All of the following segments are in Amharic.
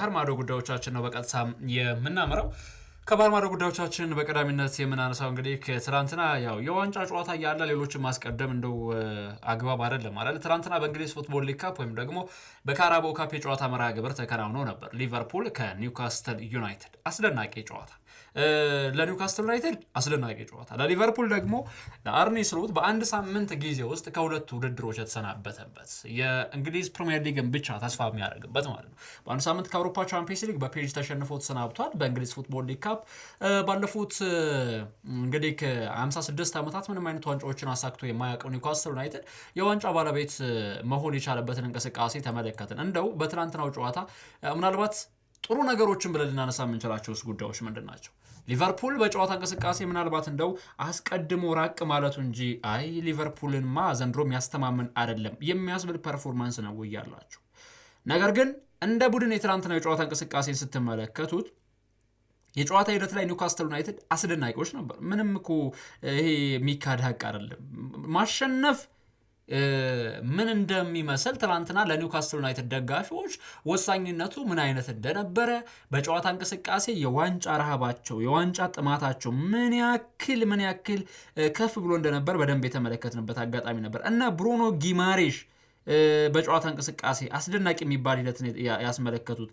ባህር ማዶ ጉዳዮቻችን ነው በቀጥታ የምናምረው። ከባህር ማዶ ጉዳዮቻችን በቀዳሚነት የምናነሳው እንግዲህ ከትናንትና ያው የዋንጫ ጨዋታ እያለ ሌሎችን ማስቀደም እንደው አግባብ አይደለም አይደል? ትናንትና በእንግሊዝ ፉትቦል ሊግ ካፕ ወይም ደግሞ በካራቦ ካፕ የጨዋታ መርሃ ግብር ተከናውኖ ነበር። ሊቨርፑል ከኒውካስተል ዩናይትድ አስደናቂ ጨዋታ ለኒውካስትል ዩናይትድ አስደናቂ ጨዋታ፣ ለሊቨርፑል ደግሞ ለአርኔ ስሎት በአንድ ሳምንት ጊዜ ውስጥ ከሁለቱ ውድድሮች የተሰናበተበት የእንግሊዝ ፕሪሚየር ሊግን ብቻ ተስፋ የሚያደርግበት ማለት ነው። በአንድ ሳምንት ከአውሮፓ ቻምፒየንስ ሊግ በፔጅ ተሸንፎ ተሰናብቷል። በእንግሊዝ ፉትቦል ሊግ ካፕ ባለፉት እንግዲህ ከ56 ዓመታት ምንም አይነት ዋንጫዎችን አሳክቶ የማያውቀው ኒውካስትል ዩናይትድ የዋንጫ ባለቤት መሆን የቻለበትን እንቅስቃሴ ተመለከትን። እንደው በትናንትናው ጨዋታ ምናልባት ጥሩ ነገሮችን ብለን ልናነሳ የምንችላቸው ጉዳዮች ምንድን ናቸው? ሊቨርፑል በጨዋታ እንቅስቃሴ ምናልባት እንደው አስቀድሞ ራቅ ማለቱ እንጂ አይ ሊቨርፑልንማ ዘንድሮ የሚያስተማምን አይደለም የሚያስብል ፐርፎርማንስ ነው እያላችሁ፣ ነገር ግን እንደ ቡድን የትናንትና የጨዋታ እንቅስቃሴን ስትመለከቱት የጨዋታ ሂደት ላይ ኒውካስተል ዩናይትድ አስደናቂዎች ነበር። ምንም እኮ ይሄ የሚካድ ሀቅ አይደለም። ማሸነፍ ምን እንደሚመስል ትናንትና ለኒውካስትል ዩናይትድ ደጋፊዎች ወሳኝነቱ ምን አይነት እንደነበረ በጨዋታ እንቅስቃሴ የዋንጫ ረሃባቸው የዋንጫ ጥማታቸው ምን ያክል ምን ያክል ከፍ ብሎ እንደነበር በደንብ የተመለከትንበት አጋጣሚ ነበር እና ብሩኖ ጊማሬሽ በጨዋታ እንቅስቃሴ አስደናቂ የሚባል ሂደት ያስመለከቱት።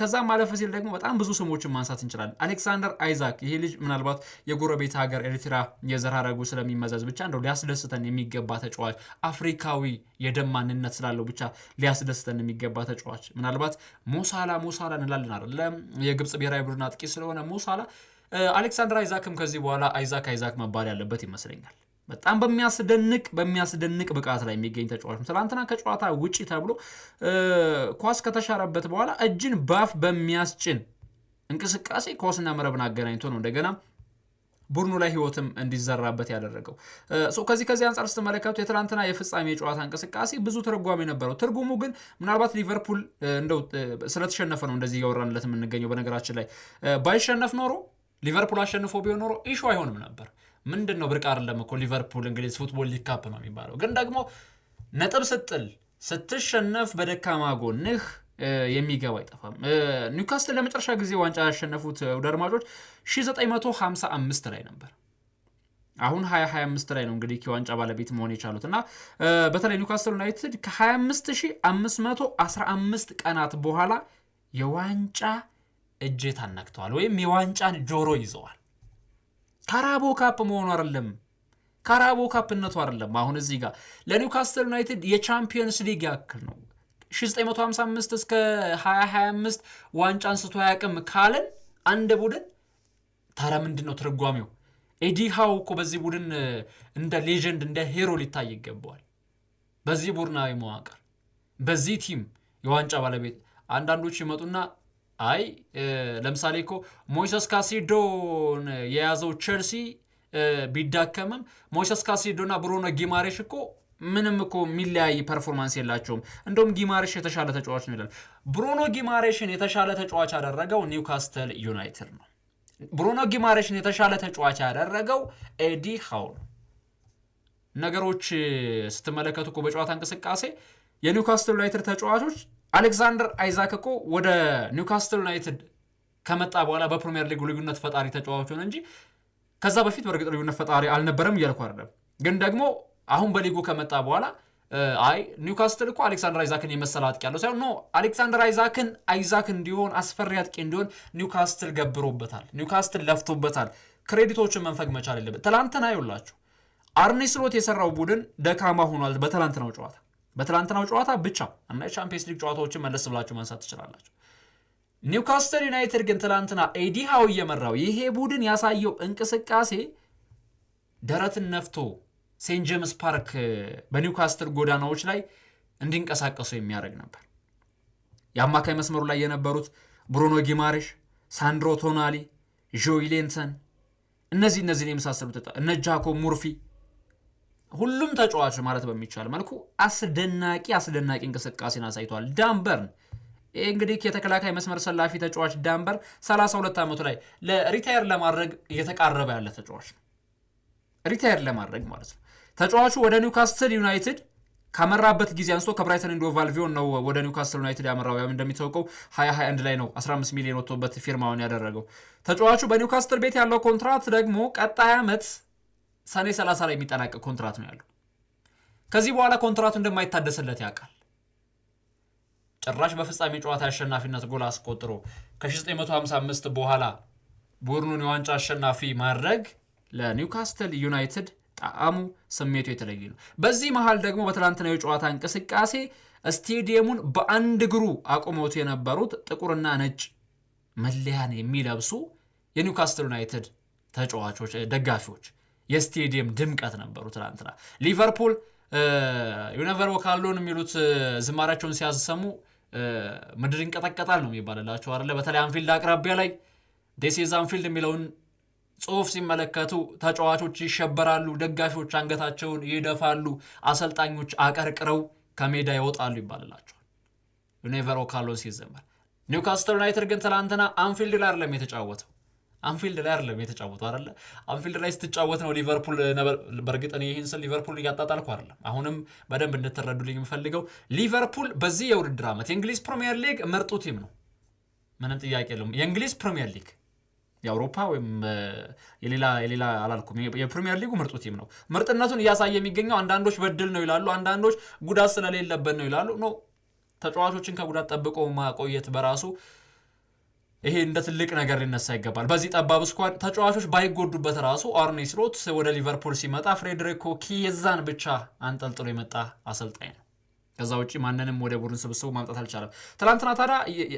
ከዛም ማለፍ ሲል ደግሞ በጣም ብዙ ስሞችን ማንሳት እንችላለን። አሌክሳንደር አይዛክ ይሄ ልጅ ምናልባት የጎረቤት ሀገር ኤርትራ የዘር ሐረጉ ስለሚመዘዝ ብቻ እንደው ሊያስደስተን የሚገባ ተጫዋች አፍሪካዊ የደም ማንነት ስላለው ብቻ ሊያስደስተን የሚገባ ተጫዋች ምናልባት ሞሳላ ሞሳላ እንላለን አይደለም የግብፅ ብሔራዊ ቡድን አጥቂ ስለሆነ ሞሳላ አሌክሳንደር አይዛክም ከዚህ በኋላ አይዛክ አይዛክ መባል ያለበት ይመስለኛል። በጣም በሚያስደንቅ በሚያስደንቅ ብቃት ላይ የሚገኝ ተጫዋች ነው። ትላንትና ከጨዋታ ውጪ ተብሎ ኳስ ከተሻረበት በኋላ እጅን ባፍ በሚያስጭን እንቅስቃሴ ኳስና መረብን አገናኝቶ ነው እንደገና ቡድኑ ላይ ህይወትም እንዲዘራበት ያደረገው። ከዚህ ከዚህ አንጻር ስትመለከቱ የትናንትና የፍጻሜ የጨዋታ እንቅስቃሴ ብዙ ትርጓሜ ነበረው። ትርጉሙ ግን ምናልባት ሊቨርፑል እንደው ስለተሸነፈ ነው እንደዚህ እያወራንለት የምንገኘው። በነገራችን ላይ ባይሸነፍ ኖሮ ሊቨርፑል አሸንፎ ቢሆን ኖሮ ኢሹ አይሆንም ነበር። ምንድን ነው ብርቅ አይደለም እኮ ሊቨርፑል እንግሊዝ ፉትቦል ሊካፕ ነው የሚባለው። ግን ደግሞ ነጥብ ስጥል ስትሸነፍ በደካማ ጎንህ የሚገባ አይጠፋም። ኒውካስትል ለመጨረሻ ጊዜ ዋንጫ ያሸነፉት ውድ አድማጮች 1955 ላይ ነበር። አሁን 2025 ላይ ነው እንግዲህ ዋንጫ ባለቤት መሆን የቻሉት እና በተለይ ኒውካስትል ዩናይትድ ከ25515 ቀናት በኋላ የዋንጫ እጀታ አናግተዋል ወይም የዋንጫን ጆሮ ይዘዋል። ካራቦ ካፕ መሆኑ አይደለም ካራቦ ካፕነቱ አይደለም። አሁን እዚህ ጋር ለኒውካስተል ዩናይትድ የቻምፒየንስ ሊግ ያክል ነው። 1955 እስከ 2025 ዋንጫ አንስቶ አያውቅም ካለን አንድ ቡድን ታዲያ ምንድን ነው ትርጓሜው? ኤዲ ሃው እኮ በዚህ ቡድን እንደ ሌጀንድ እንደ ሄሮ ሊታይ ይገባዋል። በዚህ ቡድናዊ መዋቅር፣ በዚህ ቲም የዋንጫ ባለቤት አንዳንዶች ይመጡና አይ ለምሳሌ እኮ ሞይሰስ ካሲዶን የያዘው ቸልሲ ቢዳከምም ሞይሰስ ካሲዶና ብሩኖ ጊማሬሽ እኮ ምንም እኮ የሚለያይ ፐርፎርማንስ የላቸውም። እንደውም ጊማሬሽ የተሻለ ተጫዋች ነው ይላል። ብሩኖ ጊማሬሽን የተሻለ ተጫዋች ያደረገው ኒውካስተል ዩናይትድ ነው። ብሩኖ ጊማሬሽን የተሻለ ተጫዋች ያደረገው ኤዲ ሃው ነው። ነገሮች ስትመለከቱ እኮ በጨዋታ እንቅስቃሴ የኒውካስትል ዩናይትድ ተጫዋቾች አሌክዛንደር አይዛክ እኮ ወደ ኒውካስትል ዩናይትድ ከመጣ በኋላ በፕሪሚየር ሊግ ልዩነት ፈጣሪ ተጫዋች ሆነ እንጂ ከዛ በፊት በእርግጥ ልዩነት ፈጣሪ አልነበረም እያልኩ አይደለም። ግን ደግሞ አሁን በሊጉ ከመጣ በኋላ አይ ኒውካስትል እኮ አሌክሳንደር አይዛክን የመሰለ አጥቂ ያለው ሳይሆን ኖ አሌክሳንደር አይዛክን አይዛክ እንዲሆን አስፈሪ አጥቂ እንዲሆን ኒውካስትል ገብሮበታል። ኒውካስትል ለፍቶበታል። ክሬዲቶችን መንፈግ መቻል የለበት። ትላንትና ይውላችሁ አርኔ ስሎት የሰራው ቡድን ደካማ ሆኗል በትላንትናው ጨዋታ በትላንትናው ጨዋታ ብቻ እና የቻምፒየንስ ሊግ ጨዋታዎችን መለስ ብላችሁ ማንሳት ትችላላችሁ። ኒውካስተል ዩናይትድ ግን ትላንትና ኤዲ ሃው እየመራው ይሄ ቡድን ያሳየው እንቅስቃሴ ደረትን ነፍቶ ሴንት ጄምስ ፓርክ በኒውካስትል ጎዳናዎች ላይ እንዲንቀሳቀሱ የሚያደርግ ነበር። የአማካይ መስመሩ ላይ የነበሩት ብሩኖ ጊማሬሽ፣ ሳንድሮ ቶናሊ፣ ጆ ኢሌንተን እነዚህ እነዚህን የመሳሰሉት እነ ጃኮብ ሙርፊ ሁሉም ተጫዋች ማለት በሚቻል መልኩ አስደናቂ አስደናቂ እንቅስቃሴን አሳይቷል። ዳንበርን ይህ እንግዲህ የተከላካይ መስመር ሰላፊ ተጫዋች ዳንበር 32 ዓመቱ ላይ ለሪታየር ለማድረግ እየተቃረበ ያለ ተጫዋች ነው። ሪታየር ለማድረግ ማለት ነው። ተጫዋቹ ወደ ኒውካስትል ዩናይትድ ካመራበት ጊዜ አንስቶ ከብራይተን ኢንዶ ቫልቪዮን ነው ወደ ኒውካስትል ዩናይትድ ያመራው። ያም እንደሚታወቀው 2021 ላይ ነው 15 ሚሊዮን ወጥቶበት ፊርማውን ያደረገው። ተጫዋቹ በኒውካስትል ቤት ያለው ኮንትራት ደግሞ ቀጣይ ዓመት ሰኔ 30 ላይ የሚጠናቀቅ ኮንትራት ነው ያለው። ከዚህ በኋላ ኮንትራቱ እንደማይታደስለት ያውቃል። ጭራሽ በፍጻሜ ጨዋታ አሸናፊነት ጎል አስቆጥሮ ከ1955 በኋላ ቡድኑን የዋንጫ አሸናፊ ማድረግ ለኒውካስተል ዩናይትድ ጣዕሙ፣ ስሜቱ የተለየ ነው። በዚህ መሀል ደግሞ በትላንትናዊ ጨዋታ እንቅስቃሴ ስቴዲየሙን በአንድ እግሩ አቁመውት የነበሩት ጥቁርና ነጭ መለያን የሚለብሱ የኒውካስትል ዩናይትድ ተጫዋቾች፣ ደጋፊዎች የስቴዲየም ድምቀት ነበሩ። ትናንትና ሊቨርፑል ዩነቨር ወካሎን የሚሉት ዝማሪያቸውን ሲያሰሙ ምድር ይንቀጠቀጣል ነው የሚባልላቸው አለ። በተለይ አንፊልድ አቅራቢያ ላይ ዴሴዝ አንፊልድ የሚለውን ጽሑፍ ሲመለከቱ ተጫዋቾች ይሸበራሉ፣ ደጋፊዎች አንገታቸውን ይደፋሉ፣ አሰልጣኞች አቀርቅረው ከሜዳ ይወጣሉ ይባልላቸዋል ዩኒቨር ኦካሎን ሲዘመር። ኒውካስተል ዩናይትድ ግን ትላንትና አንፊልድ ላይ አይደለም የተጫወተው አንፊልድ ላይ አይደለም የተጫወተው አይደለ? አንፊልድ ላይ ስትጫወት ነው ሊቨርፑል። በእርግጥ እኔ ይህን ስል ሊቨርፑል እያጣጣልኩ አይደለም። አሁንም በደንብ እንድትረዱልኝ የምፈልገው ሊቨርፑል በዚህ የውድድር ዓመት የእንግሊዝ ፕሪሚየር ሊግ ምርጡ ቲም ነው። ምንም ጥያቄ የለውም። የእንግሊዝ ፕሪሚየር ሊግ የአውሮፓ ወይም የሌላ የሌላ አላልኩም። የፕሪሚየር ሊጉ ምርጡ ቲም ነው። ምርጥነቱን እያሳየ የሚገኘው አንዳንዶች በድል ነው ይላሉ፣ አንዳንዶች ጉዳት ስለሌለበት ነው ይላሉ። ኖ ተጫዋቾችን ከጉዳት ጠብቆ ማቆየት በራሱ ይሄ እንደ ትልቅ ነገር ሊነሳ ይገባል። በዚህ ጠባብ ስኳድ ተጫዋቾች ባይጎዱበት ራሱ አርኔ ስሎት ወደ ሊቨርፑል ሲመጣ ፍሬድሪኮ ኪየዛን ብቻ አንጠልጥሎ የመጣ አሰልጣኝ ነው። ከዛ ውጭ ማንንም ወደ ቡድን ስብስቡ ማምጣት አልቻለም። ትላንትና ታዲያ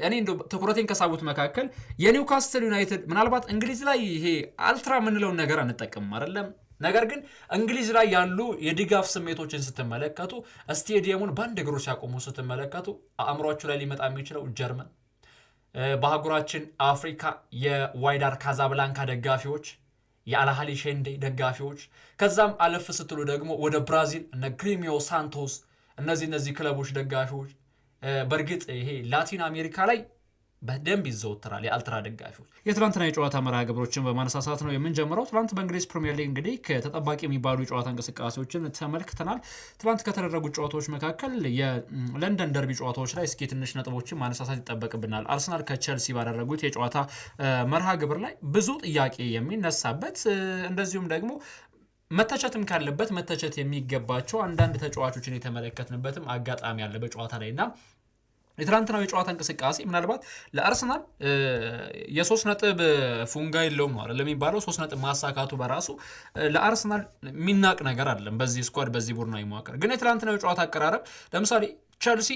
እኔ እንደ ትኩረቴን ከሳቡት መካከል የኒውካስትል ዩናይትድ ምናልባት እንግሊዝ ላይ ይሄ አልትራ የምንለውን ነገር አንጠቀምም አይደለም ነገር ግን እንግሊዝ ላይ ያሉ የድጋፍ ስሜቶችን ስትመለከቱ ስቴዲየሙን በአንድ እግሩ ሲያቆሙ ስትመለከቱ አእምሯችሁ ላይ ሊመጣ የሚችለው ጀርመን በአህጉራችን አፍሪካ የዋይዳር ካዛብላንካ ደጋፊዎች የአልሃሊ ሼንዴ ደጋፊዎች ከዛም አለፍ ስትሉ ደግሞ ወደ ብራዚል እነ ግሪሚዮ ሳንቶስ እነዚህ እነዚህ ክለቦች ደጋፊዎች በእርግጥ ይሄ ላቲን አሜሪካ ላይ በደንብ ይዘወትራል። የአልትራ ደጋፊዎች የትላንትና የጨዋታ መርሃ ግብሮችን በማነሳሳት ነው የምንጀምረው። ትላንት በእንግሊዝ ፕሪሚየር ሊግ እንግዲህ ከተጠባቂ የሚባሉ የጨዋታ እንቅስቃሴዎችን ተመልክተናል። ትላንት ከተደረጉት ጨዋታዎች መካከል የለንደን ደርቢ ጨዋታዎች ላይ እስኪ ትንሽ ነጥቦችን ማነሳሳት ይጠበቅብናል። አርሰናል ከቸልሲ ባደረጉት የጨዋታ መርሃ ግብር ላይ ብዙ ጥያቄ የሚነሳበት እንደዚሁም ደግሞ መተቸትም ካለበት መተቸት የሚገባቸው አንዳንድ ተጫዋቾችን የተመለከትንበትም አጋጣሚ ያለ በጨዋታ ላይ እና የትናንትናው የጨዋታ እንቅስቃሴ ምናልባት ለአርሰናል የሶስት ነጥብ ፉንጋ የለውም ነው አይደል የሚባለው። ሶስት ነጥብ ማሳካቱ በራሱ ለአርሰናል የሚናቅ ነገር አለም በዚህ ስኳድ በዚህ ቡድናዊ መዋቅር። ግን የትናንትናው የጨዋታ አቀራረብ ለምሳሌ ቸልሲ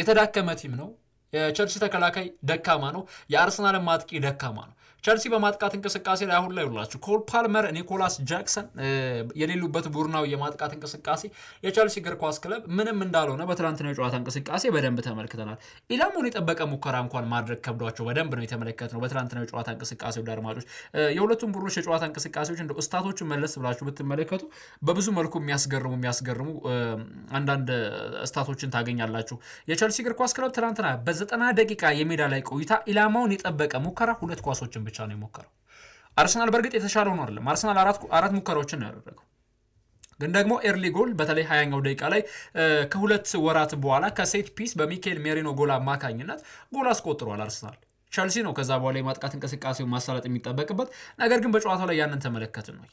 የተዳከመ ቲም ነው። የቸልሲ ተከላካይ ደካማ ነው። የአርሰናል ማጥቂ ደካማ ነው። ቸልሲ በማጥቃት እንቅስቃሴ ላይ አሁን ላይ ሁላችሁ ኮል ፓልመር፣ ኒኮላስ ጃክሰን የሌሉበት ቡድናዊ የማጥቃት እንቅስቃሴ የቸልሲ እግር ኳስ ክለብ ምንም እንዳልሆነ በትናንትና የጨዋታ እንቅስቃሴ በደንብ ተመልክተናል። ኢላማውን የጠበቀ ሙከራ እንኳን ማድረግ ከብዷቸው በደንብ ነው የተመለከትነው በትናንትናው የጨዋታ እንቅስቃሴ። ውድ አድማጮች የሁለቱም ቡድኖች የጨዋታ እንቅስቃሴዎች እንደ እስታቶችን መለስ ብላችሁ ብትመለከቱ በብዙ መልኩ የሚያስገርሙ የሚያስገርሙ አንዳንድ እስታቶችን ታገኛላችሁ። የቸልሲ እግር ኳስ ክለብ ትናንትና በዘጠና ደቂቃ የሜዳ ላይ ቆይታ ኢላማውን የጠበቀ ሙከራ ሁለት ኳሶችን ብቻ ነው የሞከረው። አርሰናል በእርግጥ የተሻለ ሆኖ አይደለም። አርሰናል አራት ሙከራዎችን ነው ያደረገው ግን ደግሞ ኤርሊ ጎል በተለይ ሀያኛው ደቂቃ ላይ ከሁለት ወራት በኋላ ከሴት ፒስ በሚካኤል ሜሪኖ ጎል አማካኝነት ጎል አስቆጥሯል አርሰናል። ቸልሲ ነው ከዛ በኋላ የማጥቃት እንቅስቃሴው ማሳለጥ የሚጠበቅበት ነገር ግን በጨዋታው ላይ ያንን ተመለከትን ነው።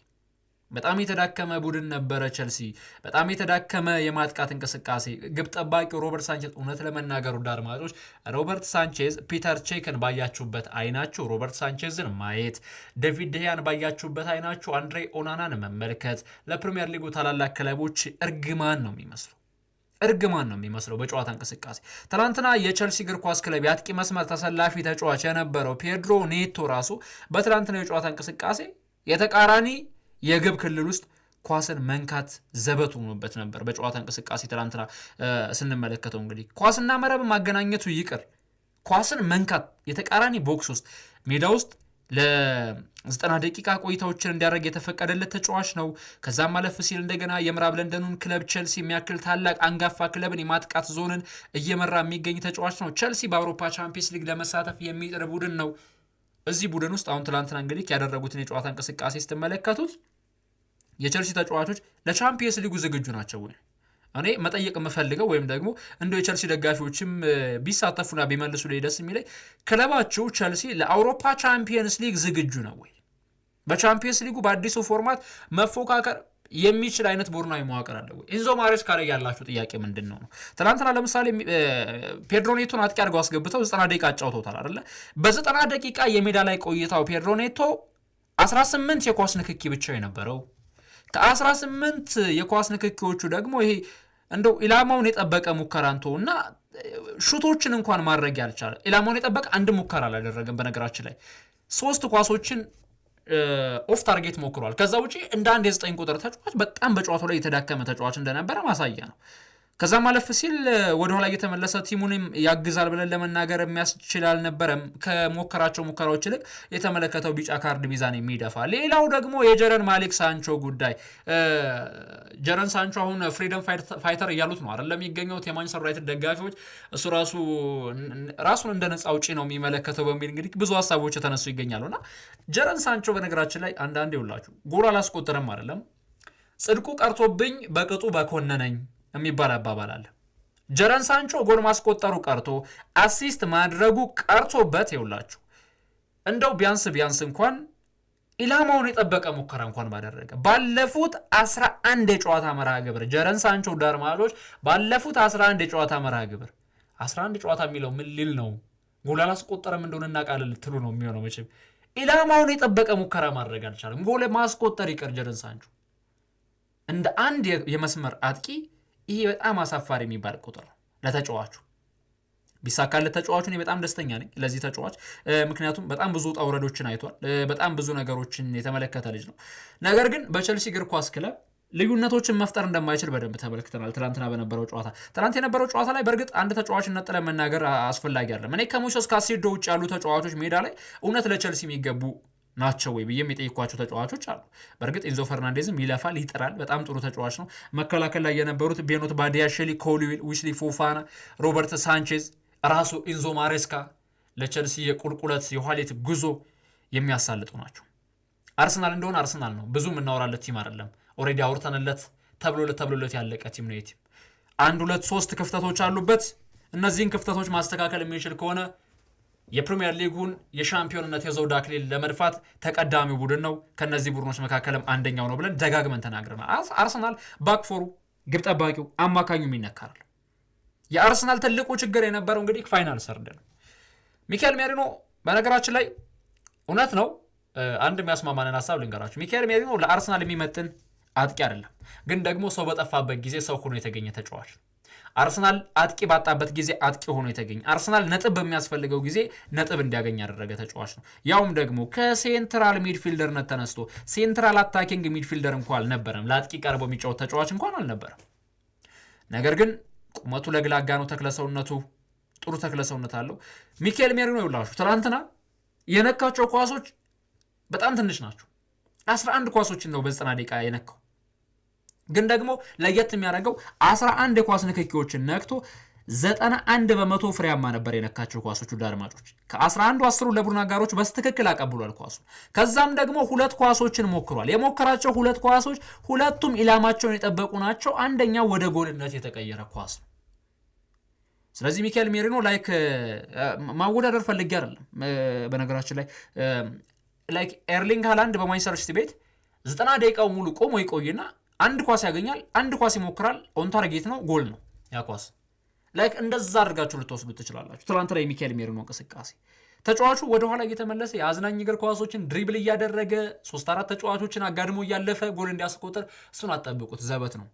በጣም የተዳከመ ቡድን ነበረ ቸልሲ። በጣም የተዳከመ የማጥቃት እንቅስቃሴ ግብ ጠባቂው ሮበርት ሳንቼዝ እውነት ለመናገር ውድ አድማጮች ሮበርት ሳንቼዝ ፒተር ቼክን ባያችሁበት አይናችሁ ሮበርት ሳንቼዝን ማየት፣ ዴቪድ ደያን ባያችሁበት አይናችሁ አንድሬ ኦናናን መመልከት ለፕሪምየር ሊጉ ታላላቅ ክለቦች እርግማን ነው የሚመስሉ እርግማን ነው የሚመስለው በጨዋታ እንቅስቃሴ። ትናንትና የቸልሲ እግር ኳስ ክለብ የአጥቂ መስመር ተሰላፊ ተጫዋች የነበረው ፔድሮ ኔቶ ራሱ በትናንትናው የጨዋታ እንቅስቃሴ የተቃራኒ የግብ ክልል ውስጥ ኳስን መንካት ዘበት ሆኖበት ነበር። በጨዋታ እንቅስቃሴ ትናንትና ስንመለከተው እንግዲህ ኳስና መረብ ማገናኘቱ ይቅር ኳስን መንካት የተቃራኒ ቦክስ ውስጥ ሜዳ ውስጥ ለ90 ደቂቃ ቆይታዎችን እንዲያደርግ የተፈቀደለት ተጫዋች ነው። ከዛም አለፍ ሲል እንደገና የምዕራብ ለንደኑን ክለብ ቸልሲ የሚያክል ታላቅ አንጋፋ ክለብን የማጥቃት ዞንን እየመራ የሚገኝ ተጫዋች ነው። ቸልሲ በአውሮፓ ቻምፒየንስ ሊግ ለመሳተፍ የሚጥር ቡድን ነው። እዚህ ቡድን ውስጥ አሁን ትላንትና እንግዲህ ያደረጉትን የጨዋታ እንቅስቃሴ ስትመለከቱት የቸልሲ ተጫዋቾች ለቻምፒየንስ ሊጉ ዝግጁ ናቸው ወይ? እኔ መጠየቅ የምፈልገው ወይም ደግሞ እንደ የቸልሲ ደጋፊዎችም ቢሳተፉና ቢመልሱ ላይ ደስ የሚለኝ ክለባቸው ቸልሲ ለአውሮፓ ቻምፒየንስ ሊግ ዝግጁ ነው ወይ? በቻምፒየንስ ሊጉ በአዲሱ ፎርማት መፎካከር የሚችል አይነት ቡድናዊ መዋቅር አለ ወይ? ኢንዞ ማሬስካ ላይ ያላችሁ ጥያቄ ምንድን ነው ነው? ትናንትና ለምሳሌ ፔድሮኔቶን አጥቂ አድርገው አስገብተው ዘጠና ደቂቃ አጫውተውታል አይደለ? በዘጠና ደቂቃ የሜዳ ላይ ቆይታው ፔድሮኔቶ 18 የኳስ ንክኪ ብቻ የነበረው ከ18 የኳስ ንክኪዎቹ ደግሞ ይሄ እንደው ኢላማውን የጠበቀ ሙከራንቶ እና ሹቶችን እንኳን ማድረግ ያልቻለ ኢላማውን የጠበቀ አንድ ሙከራ አላደረገም። በነገራችን ላይ ሶስት ኳሶችን ኦፍ ታርጌት ሞክሯል። ከዛ ውጪ እንደ አንድ የዘጠኝ ቁጥር ተጫዋች በጣም በጨዋታው ላይ የተዳከመ ተጫዋች እንደነበረ ማሳያ ነው። ከዛ ማለፍ ሲል ወደኋላ እየተመለሰ ቲሙን ያግዛል ብለን ለመናገር የሚያስችል አልነበረም። ከሞከራቸው ሙከራዎች ይልቅ የተመለከተው ቢጫ ካርድ ሚዛን የሚደፋ። ሌላው ደግሞ የጀረን ማሊክ ሳንቾ ጉዳይ። ጀረን ሳንቾ አሁን ፍሪደም ፋይተር እያሉት ነው አይደለም የሚገኘውት የማንቸስተር ዩናይትድ ደጋፊዎች። እሱ ራሱ ራሱን እንደ ነፃ አውጪ ነው የሚመለከተው በሚል እንግዲህ ብዙ ሀሳቦች የተነሱ ይገኛሉ እና ጀረን ሳንቾ በነገራችን ላይ አንዳንድ ይውላችሁ ጎል አላስቆጠረም አይደለም ጽድቁ ቀርቶብኝ በቅጡ በኮነነኝ የሚባል አባባል አለ። ጀረን ሳንቾ ጎል ማስቆጠሩ ቀርቶ አሲስት ማድረጉ ቀርቶበት ይውላችሁ እንደው ቢያንስ ቢያንስ እንኳን ኢላማውን የጠበቀ ሙከራ እንኳን ባደረገ ባለፉት 11 የጨዋታ መርሃ ግብር ጀረን ሳንቾ ዳርማጆች ባለፉት 11 የጨዋታ መርሃ ግብር 11 ጨዋታ የሚለው ምን ሊል ነው? ጎል አላስቆጠረም እንደሆነ እናቃለን ልትሉ ነው የሚሆነው መቼም። ኢላማውን የጠበቀ ሙከራ ማድረግ አልቻለም። ጎል ማስቆጠር ይቀር ጀረን ሳንቾ እንደ አንድ የመስመር አጥቂ ይሄ በጣም አሳፋሪ የሚባል ቁጥር ነው ለተጫዋቹ። ቢሳካለት ተጫዋቹ እኔ በጣም ደስተኛ ነኝ ለዚህ ተጫዋች፣ ምክንያቱም በጣም ብዙ ውጣ ውረዶችን አይቷል። በጣም ብዙ ነገሮችን የተመለከተ ልጅ ነው። ነገር ግን በቸልሲ እግር ኳስ ክለብ ልዩነቶችን መፍጠር እንደማይችል በደንብ ተመልክተናል። ትናንትና በነበረው ጨዋታ ትናንት የነበረው ጨዋታ ላይ በእርግጥ አንድ ተጫዋች ነጥሎ መናገር አስፈላጊ አይደለም። እኔ ከሞይሴስ ካይሴዶ ውጭ ያሉ ተጫዋቾች ሜዳ ላይ እውነት ለቸልሲ የሚገቡ ናቸው ወይ ብዬም የጠየኳቸው ተጫዋቾች አሉ። በእርግጥ ኢንዞ ፈርናንዴዝም ይለፋል፣ ይጥራል። በጣም ጥሩ ተጫዋች ነው። መከላከል ላይ የነበሩት ቤኖት ባዲያሸሊ ኮሊዊል፣ ዊስሊ ፎፋና፣ ሮበርት ሳንቼዝ፣ ራሱ ኢንዞ ማሬስካ ለቸልሲ የቁልቁለት የኋሌት ጉዞ የሚያሳልጡ ናቸው። አርሰናል እንደሆነ አርሰናል ነው። ብዙ የምናወራለት ቲም አይደለም። ኦልሬዲ አውርተንለት ተብሎለት ተብሎለት ያለቀ ቲም ነው። የቲም አንድ ሁለት ሶስት ክፍተቶች አሉበት። እነዚህን ክፍተቶች ማስተካከል የሚችል ከሆነ የፕሪምየር ሊጉን የሻምፒዮንነት የዘውድ አክሊል ለመድፋት ተቀዳሚው ቡድን ነው። ከነዚህ ቡድኖች መካከልም አንደኛው ነው ብለን ደጋግመን ተናግረናል። አርሰናል ባክፎሩ፣ ግብ ጠባቂው፣ አማካኙ ይነካራል። የአርሰናል ትልቁ ችግር የነበረው እንግዲህ ፋይናል ሰርድ ነው። ሚካኤል ሜሪኖ በነገራችን ላይ እውነት ነው። አንድ የሚያስማማንን ሀሳብ ልንገራችሁ። ሚካኤል ሜሪኖ ለአርሰናል የሚመጥን አጥቂ አይደለም፣ ግን ደግሞ ሰው በጠፋበት ጊዜ ሰው ሆኖ የተገኘ ተጫዋች ነው። አርሰናል አጥቂ ባጣበት ጊዜ አጥቂ ሆኖ የተገኘ አርሰናል ነጥብ በሚያስፈልገው ጊዜ ነጥብ እንዲያገኝ ያደረገ ተጫዋች ነው። ያውም ደግሞ ከሴንትራል ሚድፊልደርነት ተነስቶ ሴንትራል አታኪንግ ሚድፊልደር እንኳ አልነበረም። ለአጥቂ ቀርቦ የሚጫወት ተጫዋች እንኳን አልነበረም። ነገር ግን ቁመቱ ለግላጋ ነው። ተክለሰውነቱ ጥሩ ተክለሰውነት አለው። ሚካኤል ሜሪኖ ይውላችሁ ትናንትና የነካቸው ኳሶች በጣም ትንሽ ናቸው። 11 ኳሶችን ነው በ ደቂቃ የነካው። ግን ደግሞ ለየት የሚያደርገው 11 የኳስ ንክኪዎችን ነክቶ 91 በመቶ ፍሬያማ ነበር የነካቸው ኳሶች። ውድ አድማጮች ከ11 አስሩ ለቡድን አጋሮች በስትክክል አቀብሏል ኳሱ። ከዛም ደግሞ ሁለት ኳሶችን ሞክሯል። የሞከራቸው ሁለት ኳሶች ሁለቱም ኢላማቸውን የጠበቁ ናቸው። አንደኛው ወደ ጎልነት የተቀየረ ኳስ ነው። ስለዚህ ሚካኤል ሜሪኖ ላይክ ማወዳደር ፈልጌ አይደለም። በነገራችን ላይ ላይክ ኤርሊንግ ሃላንድ በማንቸስተር ሲቲ ቤት 90 ደቂቃው ሙሉ ቆሞ ይቆይና አንድ ኳስ ያገኛል፣ አንድ ኳስ ይሞክራል፣ ኦን ነው፣ ጎል ነው ያ ኳስ። ላይክ እንደዛ አድርጋችሁ ልትወስዱ ትችላላችሁ። ትላንት ላይ የሚካኤል ሜሪኖ እንቅስቃሴ ተጫዋቹ ወደኋላ እየተመለሰ የአዝናኝ እግር ኳሶችን ድሪብል እያደረገ ሶስት አራት ተጫዋቾችን አጋድሞ እያለፈ ጎል እንዲያስቆጠር እሱን አጠብቁት፣ ዘበት ነው።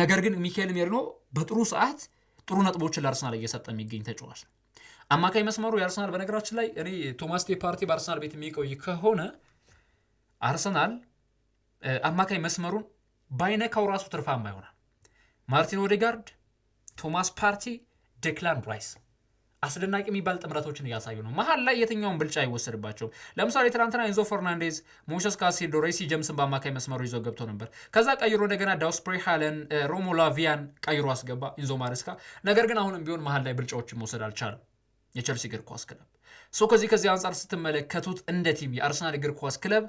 ነገር ግን ሚካኤል ሜሪኖ በጥሩ ሰዓት ጥሩ ነጥቦችን ለአርሰናል እየሰጠ የሚገኝ ተጫዋች ነው። መስመሩ የአርሰናል በነገራችን ላይ እኔ ቶማስ ፓርቲ በአርሰናል ቤት የሚቆይ ከሆነ አርሰናል አማካኝ መስመሩን ባይነካው ራሱ ትርፋማ ይሆናል። ማርቲን ኦዴጋርድ፣ ቶማስ ፓርቲ፣ ደክላን ራይስ አስደናቂ የሚባል ጥምረቶችን እያሳዩ ነው። መሀል ላይ የትኛውን ብልጫ አይወሰድባቸውም። ለምሳሌ ትናንትና ኢንዞ ፈርናንዴዝ፣ ሞሸስ ካሴዶ፣ ሬሲ ጀምስን በአማካይ መስመሩ ይዞ ገብቶ ነበር። ከዛ ቀይሮ እንደገና ዳውስፕሬ ሃለን፣ ሮሞላ ቪያን ቀይሮ አስገባ ኢንዞ ማሬስካ። ነገር ግን አሁንም ቢሆን መሀል ላይ ብልጫዎችን መውሰድ አልቻለም የቸልሲ እግር ኳስ ክለብ። ከዚህ ከዚህ አንጻር ስትመለከቱት እንደ ቲም የአርሰናል እግር ኳስ ክለብ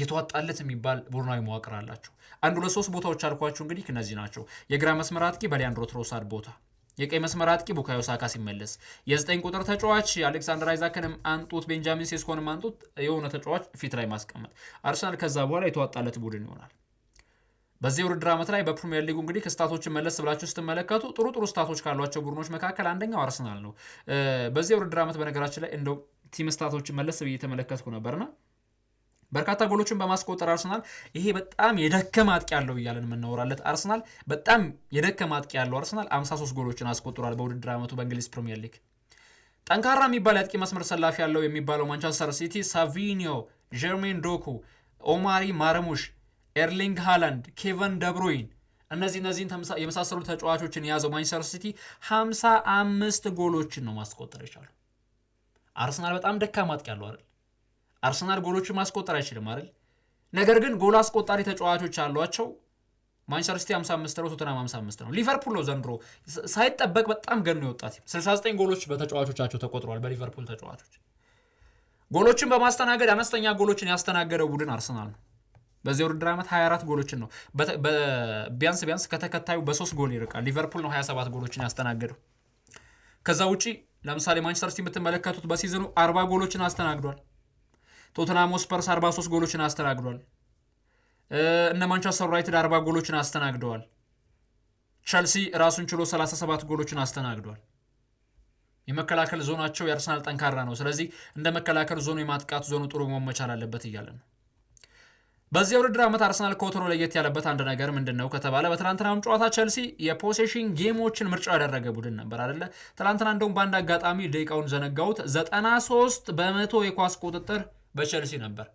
የተዋጣለት የሚባል ቡድናዊ መዋቅር አላቸው። አንድ ሁለት ሶስት ቦታዎች አልኳቸው እንግዲህ እነዚህ ናቸው። የግራ መስመር አጥቂ በሊያንድሮ ትሮሳድ ቦታ የቀይ መስመር አጥቂ ቡካዮ ሳካ ሲመለስ የዘጠኝ ቁጥር ተጫዋች አሌክሳንደር አይዛክንም አንጡት፣ ቤንጃሚን ሴስኮንም አንጡት፣ የሆነ ተጫዋች ፊት ላይ ማስቀመጥ አርሰናል ከዛ በኋላ የተዋጣለት ቡድን ይሆናል። በዚህ ውድድር ዓመት ላይ በፕሪሚየር ሊጉ እንግዲህ ስታቶችን መለስ ብላችሁ ስትመለከቱ ጥሩ ጥሩ ስታቶች ካሏቸው ቡድኖች መካከል አንደኛው አርሰናል ነው። በዚህ ውድድር ዓመት በነገራችን ላይ እንደው ቲም ስታቶችን መለስ ብዬ የተመለከትኩ ነበርና በርካታ ጎሎችን በማስቆጠር አርሰናል ይሄ በጣም የደከመ አጥቂ ያለው እያለን የምናወራለት አርሰናል በጣም የደከመ አጥቂ ያለው አርሰናል 53 ጎሎችን አስቆጥሯል በውድድር ዓመቱ በእንግሊዝ ፕሪሚየር ሊግ። ጠንካራ የሚባል የአጥቂ መስመር ሰላፊ ያለው የሚባለው ማንቸስተር ሲቲ ሳቪኒዮ፣ ጀርሜን ዶኩ፣ ኦማሪ ማረሙሽ፣ ኤርሊንግ ሃላንድ፣ ኬቨን ደብሮይን እነዚህ እነዚህን የመሳሰሉ ተጫዋቾችን የያዘው ማንቸስተር ሲቲ 55 ጎሎችን ነው ማስቆጠር የቻለው። አርሰናል በጣም ደካማ አጥቂ ያለው አይደል አርሰናል ጎሎችን ማስቆጠር አይችልም አይደል? ነገር ግን ጎል አስቆጣሪ ተጫዋቾች አሏቸው። ማንቸስተር ሲቲ 55 ነው፣ ቶተናም 55 ነው። ሊቨርፑል ነው ዘንድሮ ሳይጠበቅ በጣም ገኖ የወጣት 69 ጎሎች በተጫዋቾቻቸው ተቆጥሯል። በሊቨርፑል ተጫዋቾች ጎሎችን በማስተናገድ አነስተኛ ጎሎችን ያስተናገደው ቡድን አርሰናል ነው። በዚህ ውድድር ዓመት 24 ጎሎችን ነው ቢያንስ ቢያንስ ከተከታዩ በሶስት ጎል ይርቃል። ሊቨርፑል ነው 27 ጎሎችን ያስተናገደው። ከዛ ውጪ ለምሳሌ ማንቸስተር ሲቲ የምትመለከቱት በሲዝኑ 40 ጎሎችን አስተናግዷል። ቶተናም ስፐርስ 43 ጎሎችን አስተናግዷል። እነ ማንቸስተር ዩናይትድ 40 ጎሎችን አስተናግደዋል። ቸልሲ ራሱን ችሎ 37 ጎሎችን አስተናግዷል። የመከላከል ዞናቸው የአርሰናል ጠንካራ ነው። ስለዚህ እንደ መከላከል ዞኑ የማጥቃት ዞኑ ጥሩ መሆን መቻል አለበት እያለ ነው። በዚህ የውድድር ዓመት አርሰናል ከወትሮ ለየት ያለበት አንድ ነገር ምንድን ነው ከተባለ በትናንትናም ጨዋታ ቸልሲ የፖሴሽን ጌሞችን ምርጫ ያደረገ ቡድን ነበር አደለ። ትናንትና እንደውም በአንድ አጋጣሚ ደቂቃውን ዘነጋውት 93 በመቶ የኳስ ቁጥጥር በቸልሲ ነበር።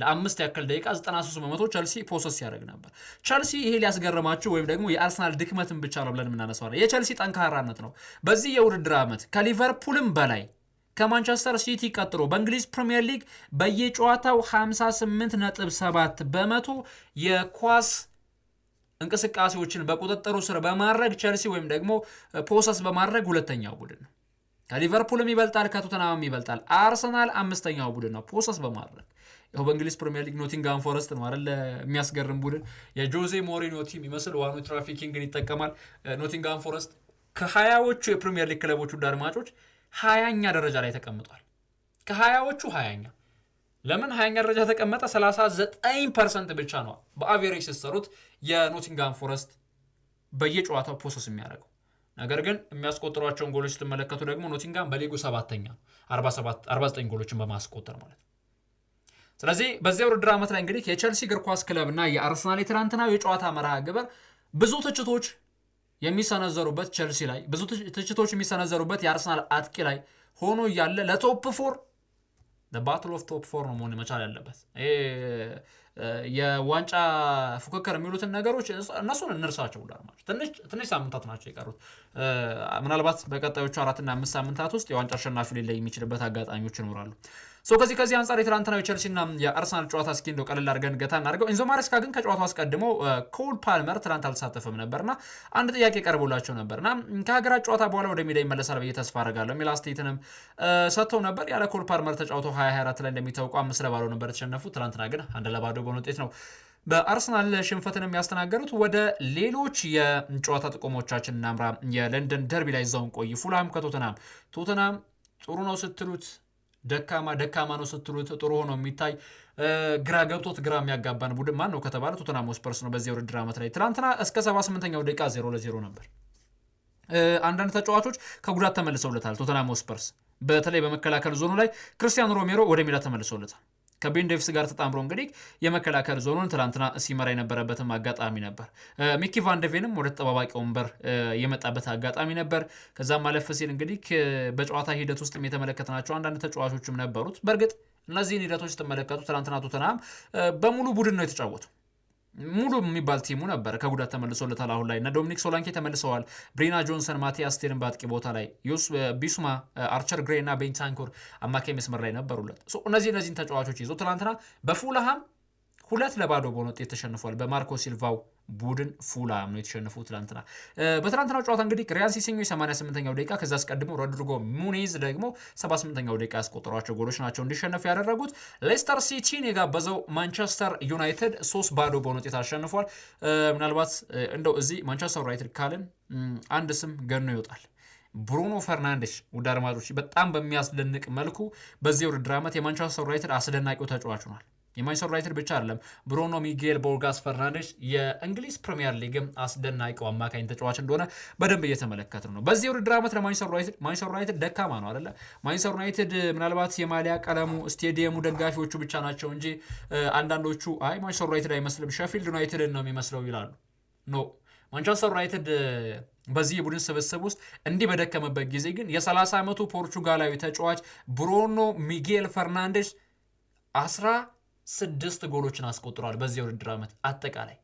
ለአምስት ያክል ደቂቃ 93 በመቶ ቸልሲ ፖሰስ ሲያደርግ ነበር። ቸልሲ ይሄ ሊያስገርማችሁ ወይም ደግሞ የአርሰናል ድክመትን ብቻ ነው ብለን የምናነሳው የቸልሲ ጠንካራነት ነው። በዚህ የውድድር ዓመት ከሊቨርፑልም በላይ ከማንቸስተር ሲቲ ቀጥሎ በእንግሊዝ ፕሪምየር ሊግ በየጨዋታው 58.7 በመቶ የኳስ እንቅስቃሴዎችን በቁጥጥሩ ስር በማድረግ ቸልሲ ወይም ደግሞ ፖሰስ በማድረግ ሁለተኛው ቡድን ነው። ከሊቨርፑልም ይበልጣል፣ ከቶተናምም ይበልጣል። አርሰናል አምስተኛው ቡድን ነው ፖሰስ በማድረግ ይኸው በእንግሊዝ ፕሪሚየር ሊግ ኖቲንጋም ፎረስት ነው አይደል? የሚያስገርም ቡድን የጆዜ ሞሪኒዮ ቲም ይመስል ዋኑ ትራፊኪንግን ይጠቀማል። ኖቲንጋም ፎረስት ከሀያዎቹ የፕሪሚየር ሊግ ክለቦች ውድ አድማጮች ሀያኛ ደረጃ ላይ ተቀምጧል። ከሀያዎቹ ሀያኛ ለምን ሀያኛ ደረጃ ተቀመጠ? 39 ፐርሰንት ብቻ ነው በአቬሬጅ ሲሰሩት የኖቲንጋም ፎረስት በየጨዋታው ፖሰስ የሚያደርገው ነገር ግን የሚያስቆጥሯቸውን ጎሎች ስትመለከቱ ደግሞ ኖቲንጋም በሊጉ ሰባተኛ 49 ጎሎችን በማስቆጠር ማለት ነው። ስለዚህ በዚያ ውድድር ዓመት ላይ እንግዲህ የቸልሲ እግር ኳስ ክለብ እና የአርሰናል የትናንትናው የጨዋታ መርሃ ግብር ብዙ ትችቶች የሚሰነዘሩበት ቸልሲ ላይ ብዙ ትችቶች የሚሰነዘሩበት የአርሰናል አጥቂ ላይ ሆኖ እያለ ለቶፕ ፎር ባትል ኦፍ ቶፕ ፎር ነው መሆን መቻል ያለበት። የዋንጫ ፉክክር የሚሉትን ነገሮች እነሱን እንርሳቸው። ዳርማቸው ትንሽ ሳምንታት ናቸው የቀሩት። ምናልባት በቀጣዮቹ አራትና አምስት ሳምንታት ውስጥ የዋንጫ አሸናፊ ሊለይ የሚችልበት አጋጣሚዎች ይኖራሉ። ሶ ከዚህ ከዚህ አንጻር የትላንትናው የቸልሲና የአርሰናል ጨዋታ እስኪ እንደው ቀለል አድርገን ገታ እናድርገው። ኢንዞ ማሬስካ ግን ከጨዋታው አስቀድሞ ኮል ፓልመር ትላንት አልተሳተፈም ነበርና አንድ ጥያቄ ቀርቦላቸው ነበርና ከሀገራት ጨዋታ በኋላ ወደ ሜዳ ይመለሳል ብዬ ተስፋ አደርጋለሁ የሚል አስተያየትንም ሰጥተው ነበር። ያለ ኮል ፓልመር ተጫውተው 24 ላይ እንደሚታወቀው አምስት ለባዶ ነበር የተሸነፉት። ትላንትና ግን አንድ ለባዶ በሆነ ውጤት ነው በአርሰናል ሽንፈትን የሚያስተናገዱት ወደ ሌሎች የጨዋታ ጥቆሞቻችን እናምራ። የለንደን ደርቢ ላይ እዛውን ቆይ። ፉላም ከቶተናም ቶተናም ጥሩ ነው ስትሉት ደካማ ደካማ ነው ስትሉት ጥሩ ሆኖ የሚታይ ግራ ገብቶት ግራ የሚያጋባን ቡድን ማን ነው ከተባለ ቶተንሃም ስፐርስ ነው። በዚህ ውድድር ዓመት ላይ ትናንትና እስከ 78ኛው ደቂቃ 0 ለ0 ነበር። አንዳንድ ተጫዋቾች ከጉዳት ተመልሰውለታል ቶተንሃም ስፐርስ በተለይ በመከላከል ዞኑ ላይ ክርስቲያን ሮሜሮ ወደ ሜዳ ተመልሰውለታል። ከቤን ዴቪስ ጋር ተጣምሮ እንግዲህ የመከላከል ዞኑን ትላንትና ሲመራ የነበረበትም አጋጣሚ ነበር። ሚኪ ቫንደቬንም ወደ ተጠባባቂ ወንበር የመጣበት አጋጣሚ ነበር። ከዛም ማለፍ ሲል እንግዲህ በጨዋታ ሂደት ውስጥ የተመለከትናቸው አንዳንድ ተጫዋቾችም ነበሩት። በእርግጥ እነዚህን ሂደቶች ስትመለከቱ ትላንትና ቶተንሃም በሙሉ ቡድን ነው የተጫወቱ ሙሉ የሚባል ቲሙ ነበር። ከጉዳት ተመልሶለታል። አሁን ላይ እነ ዶሚኒክ ሶላንኬ ተመልሰዋል። ብሪና ጆንሰን፣ ማቲያስ ስቴርን በአጥቂ ቦታ ላይ ቢሱማ፣ አርቸር ግሬ እና ቤንታንኮር አማካይ መስመር ላይ ነበሩለት። እነዚህ እነዚህን ተጫዋቾች ይዞ ትናንትና በፉልሃም ሁለት ለባዶ በሆነ ውጤት ተሸንፏል። በማርኮ ሲልቫው ቡድን ፉላም ነው የተሸነፉ ትላንትና። በትላንትናው ጨዋታ እንግዲህ ሪያን ሲሲኞ 88ኛው ደቂቃ፣ ከዛ አስቀድሞ ሮድሪጎ ሙኒዝ ደግሞ 78ኛው ደቂቃ ያስቆጠሯቸው ጎሎች ናቸው እንዲሸነፉ ያደረጉት። ሌስተር ሲቲን የጋበዘው ማንቸስተር ዩናይትድ ሶስት ባዶ በሆነ ውጤት አሸንፏል። ምናልባት እንደው እዚህ ማንቸስተር ዩናይትድ ካልን አንድ ስም ገኖ ይወጣል። ብሩኖ ፈርናንዴስ ውድ አድማጮች፣ በጣም በሚያስደንቅ መልኩ በዚህ ውድድር ዓመት የማንቸስተር ዩናይትድ አስደናቂው ተጫዋች ሆኗል። የማንቸስተር ዩናይትድ ብቻ አይደለም፣ ብሩኖ ሚጌል ቦርጋስ ፈርናንዴስ የእንግሊዝ ፕሪሚየር ሊግም አስደናቂው አማካኝ ተጫዋች እንደሆነ በደንብ እየተመለከት ነው። በዚህ ውድድር ዓመት ለማንቸስተር ዩናይትድ ደካማ ነው አይደለ? ማንቸስተር ዩናይትድ ምናልባት የማሊያ ቀለሙ ስቴዲየሙ ደጋፊዎቹ ብቻ ናቸው እንጂ አንዳንዶቹ አይ ማንቸስተር ዩናይትድ አይመስልም ሸፊልድ ዩናይትድን ነው የሚመስለው ይላሉ። ኖ ማንቸስተር ዩናይትድ በዚህ የቡድን ስብስብ ውስጥ እንዲህ በደከመበት ጊዜ ግን የ30 ዓመቱ ፖርቹጋላዊ ተጫዋች ብሩኖ ሚጌል ፈርናንዴስ አስራ ስድስት ጎሎችን አስቆጥሯል። በዚህ የውድድር ዓመት አጠቃላይ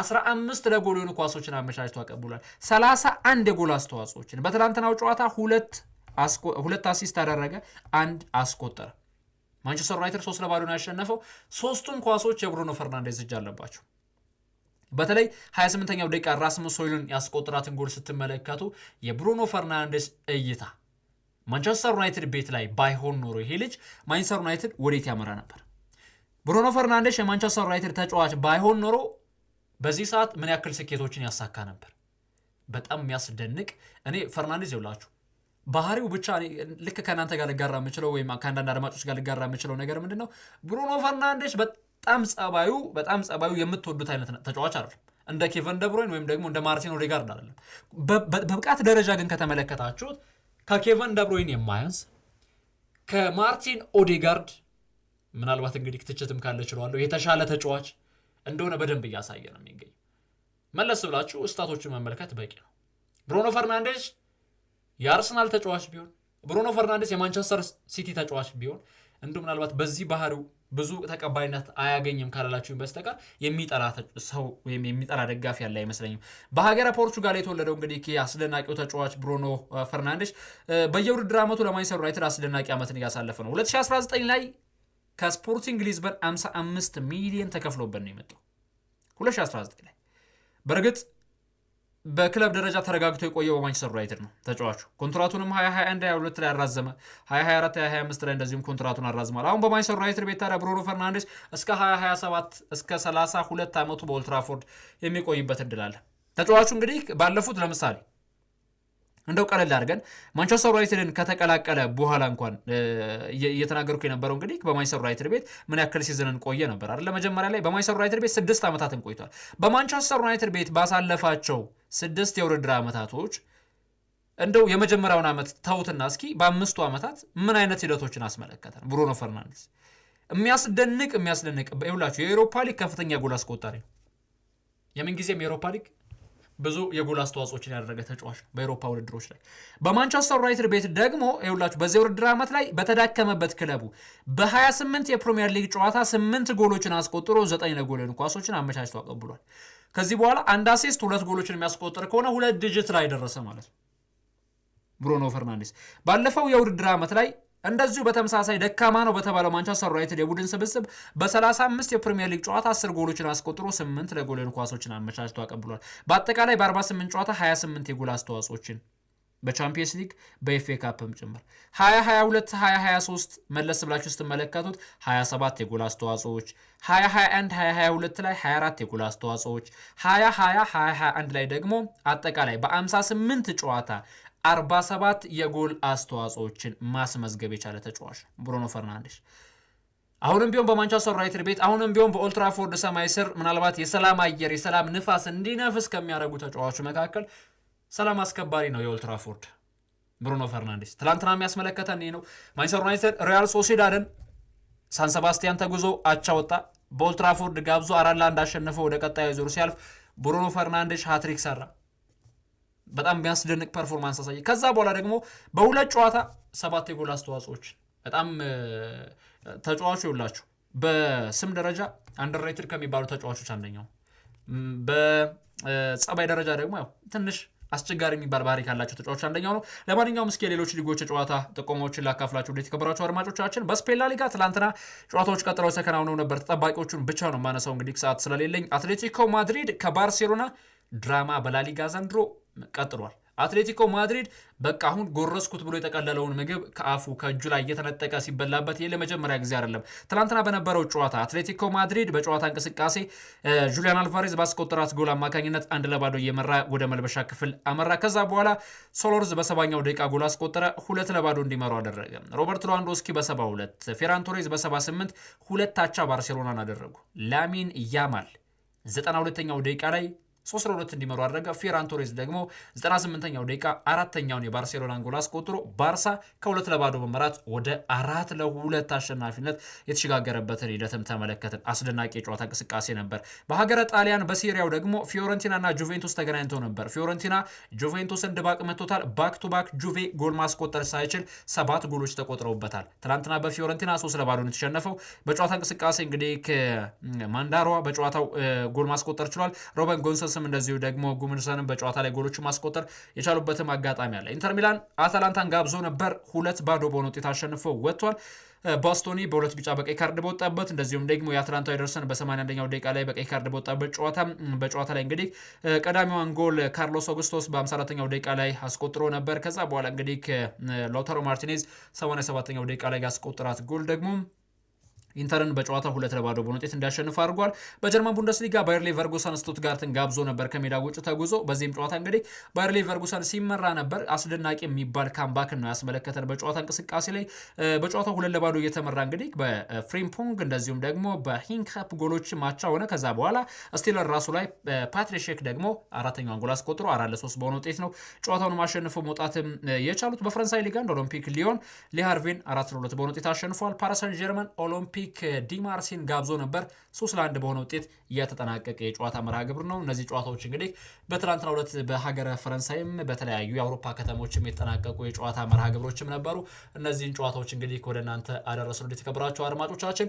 15 ለጎል የሆኑ ኳሶችን አመቻችቶ አቀብሏል። 31 የጎል አስተዋጽኦችን በትላንትናው ጨዋታ ሁለት አሲስት አደረገ፣ አንድ አስቆጠረ። ማንቸስተር ዩናይትድ ሶስት ለባዶ ነው ያሸነፈው። ሶስቱም ኳሶች የብሩኖ ፈርናንዴዝ እጅ አለባቸው። በተለይ 28ኛው ደቂቃ ራስሙስ ሆይሉንድ ያስቆጠራትን ጎል ስትመለከቱ የብሩኖ ፈርናንዴስ እይታ ማንቸስተር ዩናይትድ ቤት ላይ ባይሆን ኖሮ ይሄ ልጅ ማንቸስተር ዩናይትድ ወዴት ያመራ ነበር? ብሩኖ ፈርናንዴሽ የማንቸስተር ዩናይትድ ተጫዋች ባይሆን ኖሮ በዚህ ሰዓት ምን ያክል ስኬቶችን ያሳካ ነበር? በጣም የሚያስደንቅ እኔ ፈርናንዴዝ ይውላችሁ ባህሪው ብቻ ልክ ከእናንተ ጋር ልጋራ የምችለው ወይም ከአንዳንድ አድማጮች ጋር ልጋራ የምችለው ነገር ምንድን ነው? ብሩኖ ፈርናንዴሽ በጣም ጸባዩ በጣም ጸባዩ የምትወዱት አይነት ተጫዋች አይደለም። እንደ ኬቨን ደብሮይን ወይም ደግሞ እንደ ማርቲን ኦዴጋርድ አይደለም። በብቃት ደረጃ ግን ከተመለከታችሁት ከኬቨን ደብሮይን የማያንስ ከማርቲን ኦዴጋርድ ምናልባት እንግዲህ ትችትም ካለ ችለዋለሁ የተሻለ ተጫዋች እንደሆነ በደንብ እያሳየ ነው የሚገኝ። መለስ ብላችሁ እስታቶችን መመልከት በቂ ነው። ብሩኖ ፈርናንዴዝ የአርሰናል ተጫዋች ቢሆን፣ ብሩኖ ፈርናንዴዝ የማንቸስተር ሲቲ ተጫዋች ቢሆን እንዲሁ ምናልባት በዚህ ባህሪው ብዙ ተቀባይነት አያገኝም ካላላችሁም በስተቀር የሚጠላ ሰው ወይም የሚጠላ ደጋፊ ያለ አይመስለኝም። በሀገረ ፖርቹጋል የተወለደው እንግዲህ አስደናቂው ተጫዋች ብሩኖ ፈርናንዴዝ በየውድድር ዓመቱ ለማንቸስተር ዩናይትድ አስደናቂ ዓመትን እያሳለፈ ነው። 2019 ላይ ከስፖርቲንግ ሊዝበን 55 ሚሊዮን ተከፍሎበት ነው የመጣው 2019 ላይ። በእርግጥ በክለብ ደረጃ ተረጋግቶ የቆየው በማንቸስተር ዩናይትድ ነው ተጫዋቹ። ኮንትራቱንም 2021 22 ላይ አራዘመ፣ 2024 25 ላይ እንደዚሁም ኮንትራቱን አራዝሟል። አሁን በማንቸስተር ዩናይትድ ቤት ታዲያ ብሩኖ ፈርናንዴስ እስከ 2027 እስከ 32 ዓመቱ በኦልትራፎርድ የሚቆይበት እድል አለ። ተጫዋቹ እንግዲህ ባለፉት ለምሳሌ እንደው ቀለል አድርገን ማንቸስተር ዩናይትድን ከተቀላቀለ በኋላ እንኳን እየተናገርኩ የነበረው እንግዲህ በማንቸስተር ዩናይትድ ቤት ምን ያክል ሲዝንን ቆየ ነበር አይደል? መጀመሪያ ላይ በማንቸስተር ዩናይትድ ቤት ስድስት ዓመታትን ቆይቷል። በማንቸስተር ዩናይትድ ቤት ባሳለፋቸው ስድስት የውድድር ዓመታቶች እንደው የመጀመሪያውን ዓመት ተውትና እስኪ በአምስቱ ዓመታት ምን አይነት ሂደቶችን አስመለከተን? ብሩኖ ፈርናንዴስ የሚያስደንቅ የሚያስደንቅ ይሁላችሁ የኤሮፓ ሊግ ከፍተኛ ጎል አስቆጣሪ ነው። የምንጊዜም የኤሮፓ ሊግ ብዙ የጎል አስተዋጽኦችን ያደረገ ተጫዋች በኤሮፓ ውድድሮች ላይ። በማንቸስተር ዩናይትድ ቤት ደግሞ ይኸውላችሁ በዚህ ውድድር ዓመት ላይ በተዳከመበት ክለቡ በ28 የፕሪሚየር ሊግ ጨዋታ 8 ጎሎችን አስቆጥሮ 9 ለጎልን ኳሶችን አመቻችቶ አቀብሏል። ከዚህ በኋላ አንድ አሲስት፣ ሁለት ጎሎችን የሚያስቆጥር ከሆነ ሁለት ዲጂት ላይ ደረሰ ማለት ነው። ብሩኖ ፈርናንዴስ ባለፈው የውድድር ዓመት ላይ እንደዚሁ በተመሳሳይ ደካማ ነው በተባለው ማንቸስተር ዩናይትድ የቡድን ስብስብ በ35 የፕሪሚየር ሊግ ጨዋታ 10 ጎሎችን አስቆጥሮ 8 ለጎልን ኳሶችን አመቻችቶ አቀብሏል። በአጠቃላይ በ48 ጨዋታ 28 የጎል አስተዋጽኦችን በቻምፒየንስ ሊግ በኤፍኤ ካፕም ጭምር 2022 2023 መለስ ብላችሁ ስትመለከቱት 27 የጎል አስተዋጽኦች 2021 2022 ላይ 24 የጎል አስተዋጽኦች 2020 2021 ላይ ደግሞ አጠቃላይ በ58 ጨዋታ 47 የጎል አስተዋጽኦችን ማስመዝገብ የቻለ ተጫዋች ብሩኖ ፈርናንዴስ አሁንም ቢሆን በማንቸስተር ዩናይትድ ቤት አሁንም ቢሆን በኦልትራፎርድ ሰማይ ስር ምናልባት የሰላም አየር የሰላም ንፋስ እንዲነፍስ ከሚያደርጉ ተጫዋቾች መካከል ሰላም አስከባሪ ነው የኦልትራፎርድ ብሩኖ ፈርናንዴስ። ትላንትና የሚያስመለከተን ይህ ነው። ማንቸስተር ዩናይትድ ሪያል ሶሲዳድን ሳን ሰባስቲያን ተጉዞ አቻ ወጣ። በኦልትራፎርድ ጋብዞ አራት ለአንድ አሸንፈው ወደ ቀጣዩ ዙር ሲያልፍ ብሩኖ ፈርናንዴስ ሀትሪክ ሰራ። በጣም የሚያስደንቅ ፐርፎርማንስ አሳየ። ከዛ በኋላ ደግሞ በሁለት ጨዋታ ሰባት የጎል አስተዋጽኦች በጣም ተጫዋቹ ይውላችሁ በስም ደረጃ አንደርሬትድ ከሚባሉ ተጫዋቾች አንደኛው፣ በጸባይ ደረጃ ደግሞ ያው ትንሽ አስቸጋሪ የሚባል ባህሪ ካላቸው ተጫዋች አንደኛው ነው። ለማንኛውም እስኪ የሌሎች ሊጎች የጨዋታ ጥቆማዎችን ላካፍላቸው። እንዴት የተከበራችሁ አድማጮቻችን፣ በስፔን ላሊጋ ሊጋ ትላንትና ጨዋታዎች ቀጥለው ተከናውነው ነበር። ተጠባቂዎቹን ብቻ ነው ማነሰው እንግዲህ ሰዓት ስለሌለኝ። አትሌቲኮ ማድሪድ ከባርሴሎና ድራማ በላሊጋ ዘንድሮ ቀጥሏል። አትሌቲኮ ማድሪድ በቃ አሁን ጎረስኩት ብሎ የጠቀለለውን ምግብ ከአፉ ከእጁ ላይ እየተነጠቀ ሲበላበት ይህ ለመጀመሪያ ጊዜ አይደለም። ትናንትና በነበረው ጨዋታ አትሌቲኮ ማድሪድ በጨዋታ እንቅስቃሴ ጁሊያን አልቫሬዝ ባስቆጠራት ጎል አማካኝነት አንድ ለባዶ እየመራ ወደ መልበሻ ክፍል አመራ። ከዛ በኋላ ሶሎርዝ በሰባኛው ደቂቃ ጎል አስቆጠረ። ሁለት ለባዶ እንዲመሩ አደረገ። ሮበርት ሎዋንዶስኪ በሰባ ሁለት ፌራን ቶሬዝ በሰባ ስምንት ሁለት አቻ ባርሴሎናን አደረጉ። ላሚን ያማል ዘጠና ሁለተኛው ደቂቃ ላይ 3 ለ2 እንዲመሩ አደረገ። ፌራን ቶሬዝ ደግሞ 98ኛው ደቂቃ አራተኛውን የባርሴሎናን ጎል አስቆጥሮ ባርሳ ከሁለት ለባዶ መመራት ወደ አራት ለሁለት አሸናፊነት የተሸጋገረበትን ሂደትም ተመለከትን። አስደናቂ የጨዋታ እንቅስቃሴ ነበር። በሀገረ ጣሊያን በሴሪያው ደግሞ ፊዮረንቲናና ጁቬንቱስ ተገናኝተው ነበር። ፊዮረንቲና ጁቬንቱስን ድባቅ መቶታል። ባክ ቱ ባክ ጁቬ ጎል ማስቆጠር ሳይችል ሰባት ጎሎች ተቆጥረውበታል። ትናንትና በፊዮረንቲና ሶስት ለባዶ ነው የተሸነፈው። በጨዋታ እንቅስቃሴ እንግዲህ ማንዳሯ በጨዋታው ጎል ማስቆጠር ችሏል። ሮበን ጎንሰስ ዩቬንቱስም እንደዚሁ ደግሞ ጉምንሰንም በጨዋታ ላይ ጎሎችን ማስቆጠር የቻሉበትም አጋጣሚ አለ። ኢንተር ሚላን አታላንታን ጋብዞ ነበር። ሁለት ባዶ በሆነ ውጤት አሸንፎ ወጥቷል። ባስቶኒ በሁለት ቢጫ በቀይ ካርድ በወጣበት እንደዚሁም ደግሞ የአትላንታ ደርሰን በ81ኛው ደቂቃ ላይ በቀይ ካርድ በወጣበት ጨዋታ በጨዋታ ላይ እንግዲህ ቀዳሚዋን ጎል ካርሎስ ኦግስቶስ በ54ኛው ደቂቃ ላይ አስቆጥሮ ነበር። ከዛ በኋላ እንግዲህ ሎተሮ ማርቲኔዝ 87ኛው ደቂቃ ላይ ያስቆጥራት ጎል ደግሞ ኢንተርን በጨዋታ ሁለት ለባዶ በሆነ ውጤት እንዲያሸንፍ አድርጓል። በጀርመን ቡንደስሊጋ ባየር ሌቨርጉሰን ስቱትጋርትን ጋብዞ ነበር ከሜዳ ውጭ ተጉዞ። በዚህም ጨዋታ እንግዲህ ባየር ሌቨርጉሰን ሲመራ ነበር። አስደናቂ የሚባል ካምባክን ነው ያስመለከተን በጨዋታ እንቅስቃሴ ላይ። በጨዋታ ሁለት ለባዶ እየተመራ እንግዲህ በፍሪምፖንግ እንደዚሁም ደግሞ በሂንካፕ ጎሎች ማቻ ሆነ። ከዛ በኋላ ስቲለር ራሱ ላይ ፓትሪሼክ ደግሞ አራተኛውን ጎል አስቆጥሮ አራት ለሶስት በሆነ ውጤት ነው ጨዋታውን አሸንፈው መውጣትም የቻሉት። በፈረንሳይ ሊጋ እንደ ኦሎምፒክ ሊዮን ሊሃርቬን አራት ለሁለት በሆነ ውጤት አሸንፏል። ፓሪስ ሰን ጀርመን ኦሎምፒክ ፓትሪክ ዲማርሲን ጋብዞ ነበር። ሶስት ለአንድ በሆነ ውጤት የተጠናቀቀ የጨዋታ መርሃ ግብር ነው። እነዚህ ጨዋታዎች እንግዲህ በትናንትናው ሁለት በሀገረ ፈረንሳይም በተለያዩ የአውሮፓ ከተሞችም የተጠናቀቁ የጨዋታ መርሃ ግብሮችም ነበሩ። እነዚህን ጨዋታዎች እንግዲህ ወደ እናንተ አደረስን። የተከበራችሁ አድማጮቻችን